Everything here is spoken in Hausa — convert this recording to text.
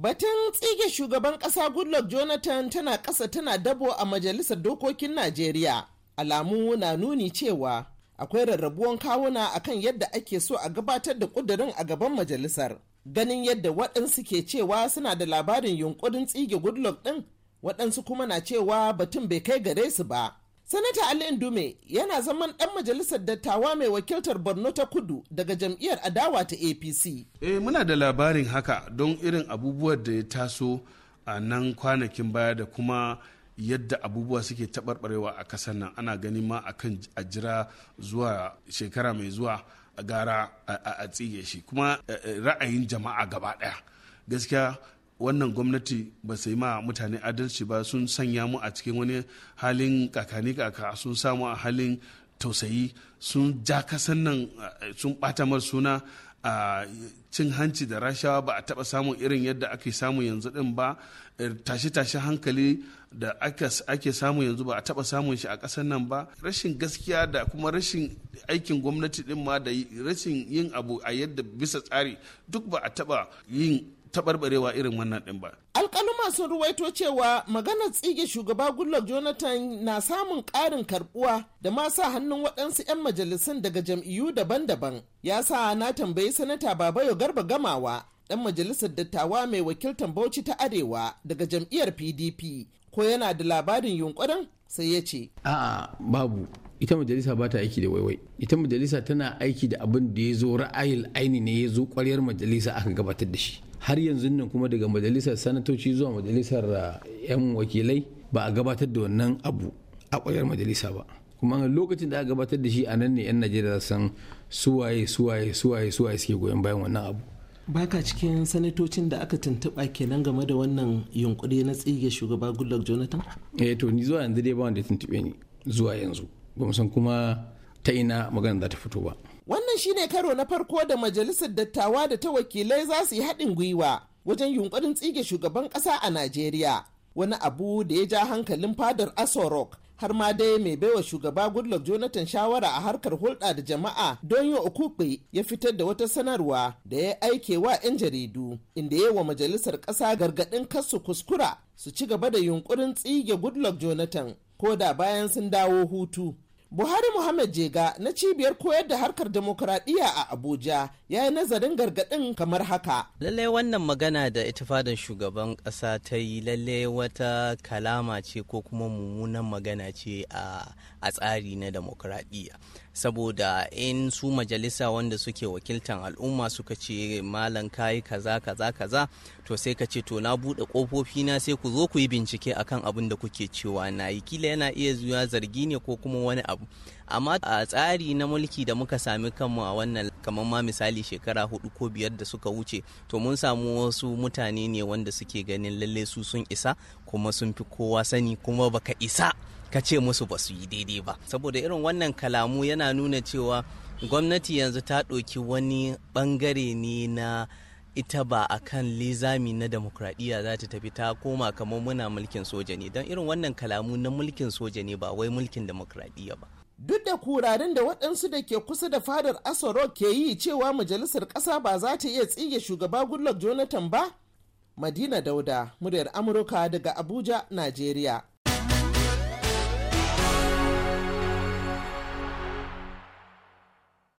Batun tsige shugaban ƙasa Goodluck Jonathan tana ƙasa tana dabo a Majalisar Dokokin Najeriya. Alamu na nuni cewa akwai rarrabuwan kawuna akan yadda ake so a gabatar da ƙudurin a gaban majalisar. Ganin yadda waɗansu ke cewa suna da labarin yunkurin tsige Goodluck ɗin, waɗansu kuma na cewa batun bai kai gare su ba. sanata ali indume yana zaman dan majalisar dattawa mai wakiltar borno ta kudu daga jam'iyyar adawa ta apc eh muna da labarin haka don irin abubuwan da ya taso a nan kwanakin baya da kuma yadda abubuwa suke taɓarɓarewa a ƙasar nan ana gani ma akan a jira zuwa shekara mai zuwa a gara a tsige shi kuma eh, eh, ra'ayin jama'a gaba ɗaya gaskiya wannan gwamnati ba su yi ma mutane adalci ba sun sanya mu a cikin wani halin kakani kaka sun samu a halin tausayi sun ja kasan nan eh, sun bata mar suna a cin hanci da rashawa ba a taba samun irin yadda ake samu yanzu din ba er, tashe-tashe hankali da ake samu yanzu ba a taba samun shi a kasan nan ba rashin gaskiya da kuma rashin aikin gwamnati din ma da rashin yin abu a yadda bisa tsari duk ba a taba yin taɓarɓarewa irin wannan ɗin ba. Alƙaluma sun ruwaito cewa maganar tsige shugaba Goodluck Jonathan na samun ƙarin karɓuwa da ma sa hannun waɗansu 'yan majalisun daga jam'iyyu daban-daban. Ya sa na tambayi sanata Babayo Garba Gamawa ɗan majalisar dattawa mai wakiltar Bauchi ta Arewa daga jam'iyyar PDP ko yana da labarin yunkurin sai ya ce. A'a babu ita majalisa ba ta aiki da waiwai ita majalisa tana aiki da abin da ya zo ra'ayil aini ne ya zo kwaryar majalisa aka gabatar da shi har yanzu nan kuma daga majalisar sanatoci zuwa majalisar eh, yan wakilai ba a gabatar da wannan abu a kwaryar majalisa ba kuma lokacin da aka gabatar da shi a nan ne yan najeriya san suwaye suwaye suwaye suwaye suke goyon bayan wannan abu baka cikin sanatocin da aka tuntuɓa kenan game da wannan yunkuri na tsige shugaba goodluck jonathan eh to ni zuwa yanzu dai ba wanda ya tuntuɓe ni zuwa yanzu ba san kuma ta ina magana za ta fito ba. Wannan shine karo na farko da majalisar dattawa da ta wakilai za su yi haɗin gwiwa wajen yunkurin tsige shugaban ƙasa a Najeriya. Wani abu da ya ja hankalin fadar Aso Rock har ma dai mai baiwa shugaba Goodluck Jonathan shawara a harkar hulɗa da jama'a don yi okukpe ya fitar da wata sanarwa da ya aike wa 'yan jaridu inda ya wa majalisar ƙasa gargaɗin kasu kuskura su ci gaba da yunkurin tsige Goodluck Jonathan ko da bayan sun dawo hutu. Buhari Muhammad Jega na cibiyar koyar da harkar demokuraɗiyya a Abuja ya yi nazarin gargaɗin kamar haka. Lalle wannan magana da itifadan shugaban ƙasa ta yi lalle wata kalama ce ko kuma mummunan magana ce a tsari na demokuraɗiyya. Saboda in su majalisa wanda suke wakiltan al'umma suka ce malam kayi kaza kaza kaza to sai ka ce to na buɗe kofofi na sai ku zo ku yi bincike akan abin da kuke cewa na yi kila yana iya zuwa zargi ne ko kuma wani abu amma a tsari na mulki da muka sami kanmu a wannan kamar ma misali shekara hudu ko biyar da suka wuce to mun samu wasu mutane ne wanda suke ganin lalle su sun isa kuma sun fi kowa sani kuma baka isa ka ce musu ba su yi daidai ba saboda irin wannan kalamu yana nuna cewa gwamnati yanzu ta ɗauki wani ɓangare ne na ita ba a kan lizami na demokradiyya za ta tafi ta koma kamar muna mulkin soja ne don irin wannan kalamu na mulkin soja ne ba wai mulkin demokradiyya ba duk da kurarin da waɗansu da ke kusa da fadar asoro ke yi cewa majalisar ƙasa ba za ta iya tsige shugaba goodluck jonathan ba madina dauda muryar amurka daga abuja najeriya